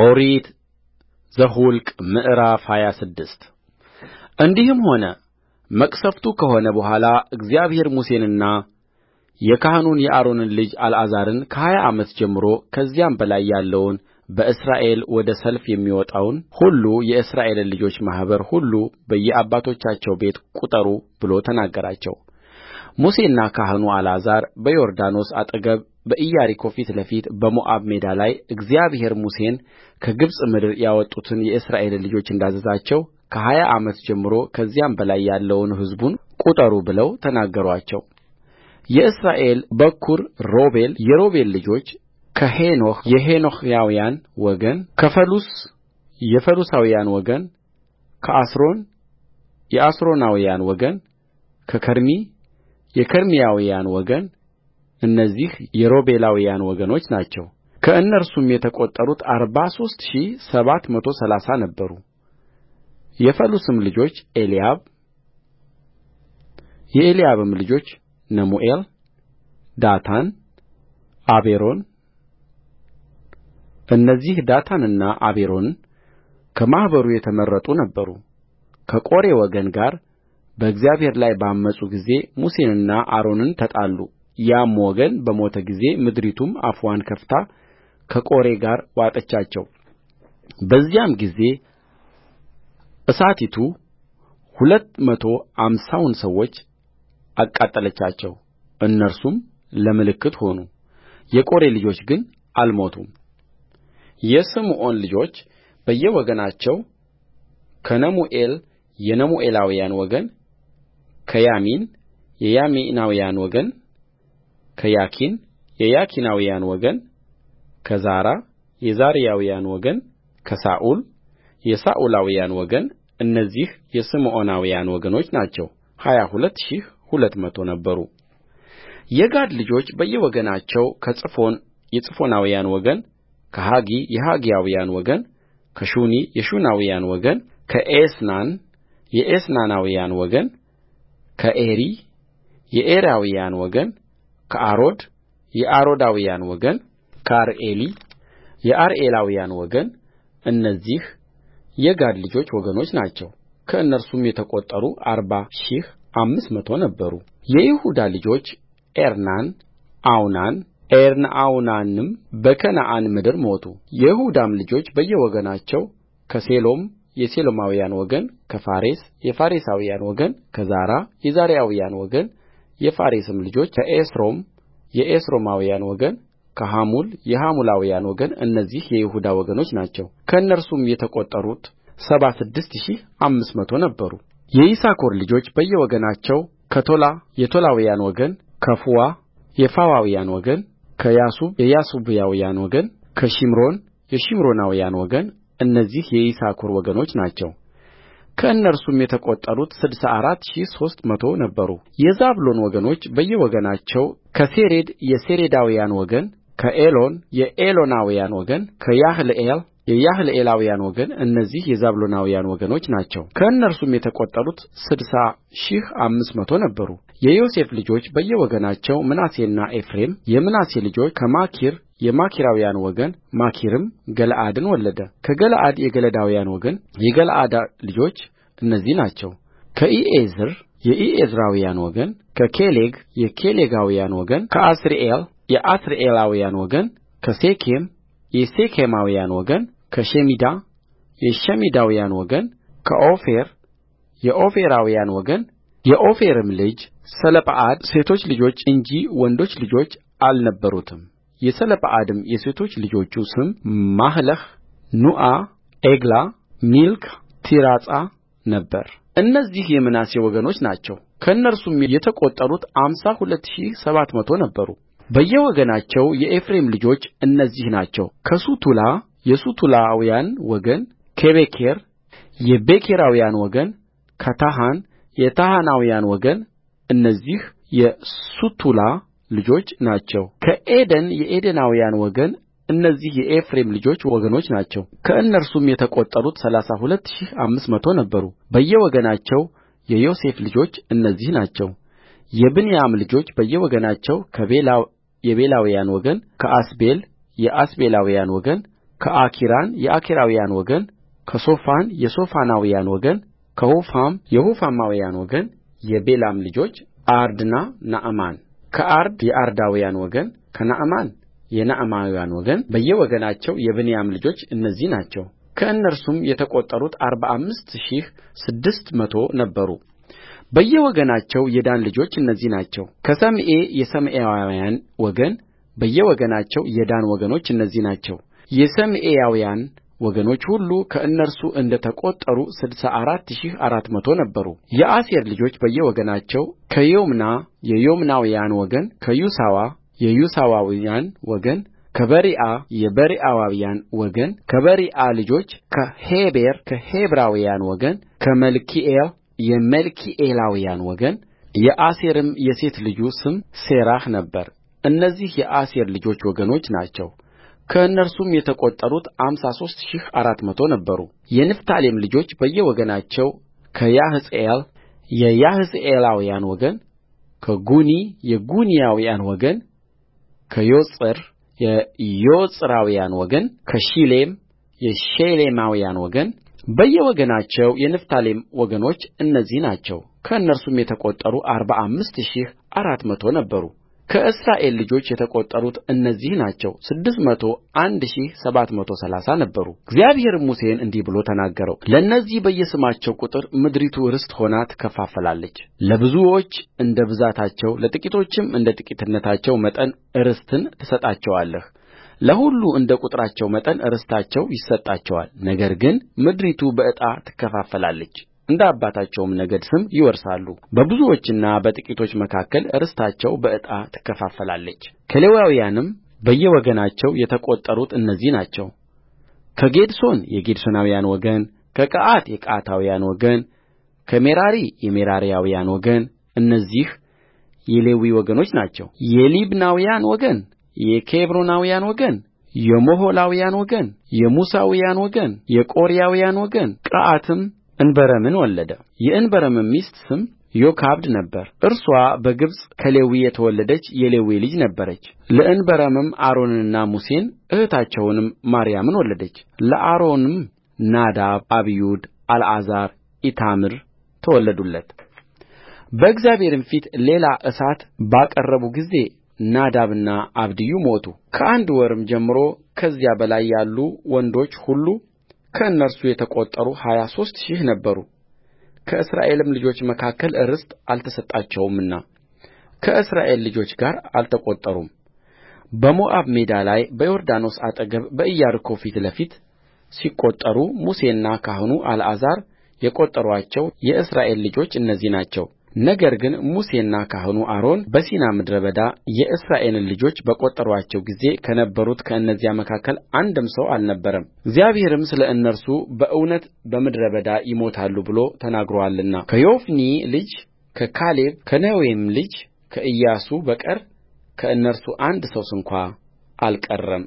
ኦሪት ዘኍልቍ ምዕራፍ ሃያ ስድስት እንዲህም ሆነ መቅሠፍቱ ከሆነ በኋላ እግዚአብሔር ሙሴንና የካህኑን የአሮንን ልጅ አልዓዛርን ከሀያ ዓመት ጀምሮ ከዚያም በላይ ያለውን በእስራኤል ወደ ሰልፍ የሚወጣውን ሁሉ የእስራኤልን ልጆች ማኅበር ሁሉ በየአባቶቻቸው ቤት ቍጠሩ ብሎ ተናገራቸው። ሙሴና ካህኑ አልዓዛር በዮርዳኖስ አጠገብ በኢያሪኮ ፊት ለፊት በሞዓብ ሜዳ ላይ እግዚአብሔር ሙሴን ከግብፅ ምድር ያወጡትን የእስራኤልን ልጆች እንዳዘዛቸው ከሀያ ዓመት ጀምሮ ከዚያም በላይ ያለውን ሕዝቡን ቍጠሩ ብለው ተናገሩአቸውየእስራኤል በኵር ሮቤል የሮቤል ልጆች ከሄኖኅ የሄኖኀውያን ወገን ከፈሉስ የፈሉሳውያን ወገን ከአስሮን የአስሮናውያን ወገን ከከርሚ የከርሚያውያን ወገን እነዚህ የሮቤላውያን ወገኖች ናቸው ከእነርሱም የተቈጠሩት አርባ ሦስት ሺህ ሰባት መቶ ሠላሳ ነበሩየፈሉስም ልጆች ኤልያብ የኤልያብም ልጆች ነሙኤል ዳታን አቤሮን እነዚህ ዳታንና አቤሮን ከማኅበሩ የተመረጡ ነበሩ ከቆሬ ወገን ጋር በእግዚአብሔር ላይ ባመፁ ጊዜ ሙሴንና አሮንን ተጣሉ ያም ወገን በሞተ ጊዜ ምድሪቱም አፍዋን ከፍታ ከቆሬ ጋር ዋጠቻቸው በዚያም ጊዜ እሳቲቱ ሁለት መቶ አምሳውን ሰዎች አቃጠለቻቸው እነርሱም ለምልክት ሆኑ የቆሬ ልጆች ግን አልሞቱም የስምዖን ልጆች በየወገናቸው ከነሙኤል የነሙኤላውያን ወገን ከያሚን የያሚናውያን ወገን ከያኪን የያኪናውያን ወገን ከዛራ የዛራውያን ወገን ከሳኡል የሳኡላውያን እነዚህ የስምዖናውያን ወገኖች ናቸው ሀያ ሁለት ሺህ ሁለት መቶ ነበሩ። የጋድ ልጆች በየወገናቸው ከጽፎን የጽፎናውያን ወገን ከሐጊ የሐጊያውያን ወገን ከሹኒ የሹናውያን ወገን ከኤስናን የኤስናናውያን ወገን ከዔሪ የዔራውያን ወገን ከአሮድ የአሮዳውያን ወገን ከአርኤሊ የአርኤላውያን እነዚህ የጋድ ልጆች ወገኖች ናቸው ከእነርሱም የተቈጠሩ አርባ ሺህ አምስት መቶ ነበሩየይሁዳ ልጆች ኤርናን አውናን ኤርንአውናንም በከነዓን ምድር ሞቱ የይሁዳም ልጆች በየወገናቸው ከሴሎም የሴሎማውያን ወገን ከፋሬስ የፋሬሳውያን ወገን ከዛራ የዛራውያን ወገን የፋሬስም ልጆች ከኤስሮም የኤስሮማውያን ወገን ከሐሙል የሐሙላውያን ወገን እነዚህ የይሁዳ ወገኖች ናቸው ከእነርሱም የተቈጠሩት ሰባ ስድስት ሺህ አምስት መቶ የይሳኮር ልጆች በየወገናቸው ከቶላ የቶላውያን ወገን ከፉዋ የፉዋውያን ወገን ከያሱብ የያሱባውያን ወገን ከሺምሮን የሺምሮናውያን እነዚህ የይሳኮር ወገኖች ናቸው ከእነርሱም የተቈጠሩት ስድሳ አራት ሺህ ሦስት መቶ ነበሩየዛብሎን ወገኖች በየወገናቸው ከሴሬድ የሴሬዳውያን ወገን ከኤሎን የኤሎናውያን ወገን ከያሕልኤል የያሕልኤላውያን ወገን እነዚህ የዛብሎናውያን ወገኖች ናቸው ከእነርሱም የተቈጠሩት ስድሳ ሺህ አምስት መቶ ነበሩየዮሴፍ ልጆች በየወገናቸው ምናሴና የምናሴ ልጆች ከማኪር የማኪራውያን ወገን ማኪርም ገለዓድን ወለደ ከገለዓድ የገለዳውያን ወገን የገለዓድ ልጆች እነዚህ ናቸው ከኢኤዝር የኢኤዝራውያን ወገን ከኬሌግ የኬሌጋውያን ወገን ከአስርኤል የአስርኤላውያን ወገን ከሴኬም የሴኬማውያን ወገን ከሸሚዳ የሸሚዳውያን ወገን ከኦፌር የኦፌራውያን ወገን የኦፌርም ልጅ ሰለጰዓድ ሴቶች ልጆች እንጂ ወንዶች ልጆች አልነበሩትም የሰለጰዓድም የሴቶች ልጆቹ ስም ማህለህ ኑዓ ዔግላ ሚልካ ቲርጻ ነበረእነዚህ የምናሴ ወገኖች ናቸው ከእነርሱም የተቈጠሩት አምሳ ሁለት ሺህ ሰባት መቶ ነበሩበየወገናቸው የኤፍሬም ልጆች እነዚህ ናቸው ከሱቱላ የሱቱላውያን ወገን ከቤኬር የቤኬራውያን ወገን ከታሐን የታሐናውያን ወገን እነዚህ የሱቱላ ልጆች ናቸው ከዔዴን የዔዴናውያን ወገን እነዚህ የኤፍሬም ልጆች ወገኖች ናቸው ከእነርሱም የተቈጠሩት ሠላሳ ሁለት ሺህ አምስት መቶ ነበሩ በየወገናቸው የዮሴፍ ልጆች እነዚህ ናቸው የብንያም ልጆች በየወገናቸው ከቤላ የቤላውያን ወገን ከአስቤል የአስቤላውያን ወገን ከአኪራን የአኪራውያን ወገን ከሶፋን የሶፋናውያን ወገን ወገንከሑፋም የሑፋማውያን የቤላም ልጆች አርድና ናዕማን ከአርድ የአርዳውያን ወገን ከናዕማን የናዕማናውያን በየወገናቸው የብንያም ልጆች እነዚህ ናቸው ከእነርሱም የተቈጠሩት አርባ አምስት ሺህ ስድስት መቶ ነበሩ። በየወገናቸው የዳን ልጆች እነዚህ ናቸው ከሰምዔ የሰምዔያውያን ወገን በየወገናቸው የዳን ወገኖች እነዚህ ናቸው የሰምዔያውያን ወገኖች ሁሉ ከእነርሱ እንደ ተቈጠሩ ስድሳ አራት ሺህ አራት መቶ ነበሩየአሴር ልጆች በየወገናቸው ከዪምና የዪምናውያን ወገን ከዩሳዋ የየሱዋውያን ወገን ከበሪዓ የበሪዓውያን ወገን ከበሪዓ ልጆች ከሔቤር ከሔቤራውያን ወገን ከመልኪኤል የመልኪኤላውያን ወገንየአሴርም የሴት ልጁ ስም ሴራህ ነበረ እነዚህ የአሴር ልጆች ወገኖች ናቸው ከእነርሱም የተቈጠሩት አምሳ ሦስት ሺህ አራት መቶ ነበሩየንፍታሌም ልጆች በየወገናቸው ከያሕጽኤል የያሕጽኤላውያን ወገን ከጉኒ የጉናውያን ወገን ከዬጽር የዬጽራውያን ወገን ከሺሌም የሺሌማውያን ወገን በየወገናቸው የንፍታሌም ወገኖች እነዚህ ናቸው ከእነርሱም የተቈጠሩ አርባ አምስት ሺህ አራት መቶ ነበሩ ከእስራኤል ልጆች የተቈጠሩት እነዚህ ናቸው ስድስት መቶ አንድ ሺህ ሰባት መቶ ሰላሳ ነበሩእግዚአብሔርም ሙሴን እንዲህ ብሎ ተናገረውለእነዚህ በየስማቸው ቍጥር ምድሪቱ ርስት ሆና ትከፋፈላለች ለብዙዎች እንደ ብዛታቸው ለጥቂቶችም እንደ ጥቂትነታቸው መጠን ርስትን ትሰጣቸዋለህ ለሁሉ እንደ ቍጥራቸው መጠን ርስታቸው ይሰጣቸዋል ነገር ግን ምድሪቱ በዕጣ ትከፈላለች እንደ አባታቸውም ነገድ ስም ይወርሳሉ በብዙዎችና በጥቂቶች መካከል ርስታቸው በዕጣ ከሌዋውያንም በየወገናቸው የተቈጠሩት እነዚህ ናቸው ከጌድሶን የጌድሶናውያን ወገን ከቀዓት የቀዓታውያን ወገን ከሜራሪ የሜራራውያን እነዚህ የሌዊ ወገኖች ናቸው የሊብናውያን ወገን የኬብሮናውያን ወገን የሞሖላውያን ወገን የሙሳውያን ወገን የቆሬያውያን ወገን ቀዓትም እንበረምን ወለደ የእንበረምም ሚስት ስም ዮካብድ ነበረ እርስዋ በግብፅ ከሌዊ የተወለደች የሌዊ ልጅ ነበረች። ለእንበረምም አሮንንና ሙሴን እኅታቸውንም ማርያምን ወለደች ለአሮንም ናዳብ አብዩድ አልዓዛር ኢታምር ተወለዱለት። በእግዚአብሔርም ፊት ሌላ እሳት ባቀረቡ ጊዜ ናዳብና አብዩድ ሞቱ ከአንድ ወርም ጀምሮ ከዚያ በላይ ያሉ ወንዶች ሁሉ ከእነርሱ የተቈጠሩ ሀያ ሦስት ሺህ ነበሩ። ከእስራኤልም ልጆች መካከል ርስት አልተሰጣቸውምና ከእስራኤል ልጆች ጋር አልተቈጠሩምበሞዓብ ሜዳ ላይ በዮርዳኖስ አጠገብ በኢያሪኮ ፊት ለፊት ሲቈጠሩ ሙሴና ካህኑ አልዓዛር የቈጠሩአቸው የእስራኤል ልጆች እነዚህ ናቸው ነገር ግን ሙሴና ካህኑ አሮን በሲና ምድረ በዳ የእስራኤልን ልጆች በቈጠሩአቸው ጊዜ ከነበሩት ከእነዚያ መካከል አንድም ሰው አልነበረምእግዚአብሔርም ስለ እነርሱ በእውነት በምድረ በዳ ይሞታሉ ብሎ ተናግሮአልና ከዮፎኒ ልጅ ከካሌብ ከነዌም ልጅ ከኢያሱ በቀር ከእነርሱ አንድ ሰው ስንኳ አልቀረም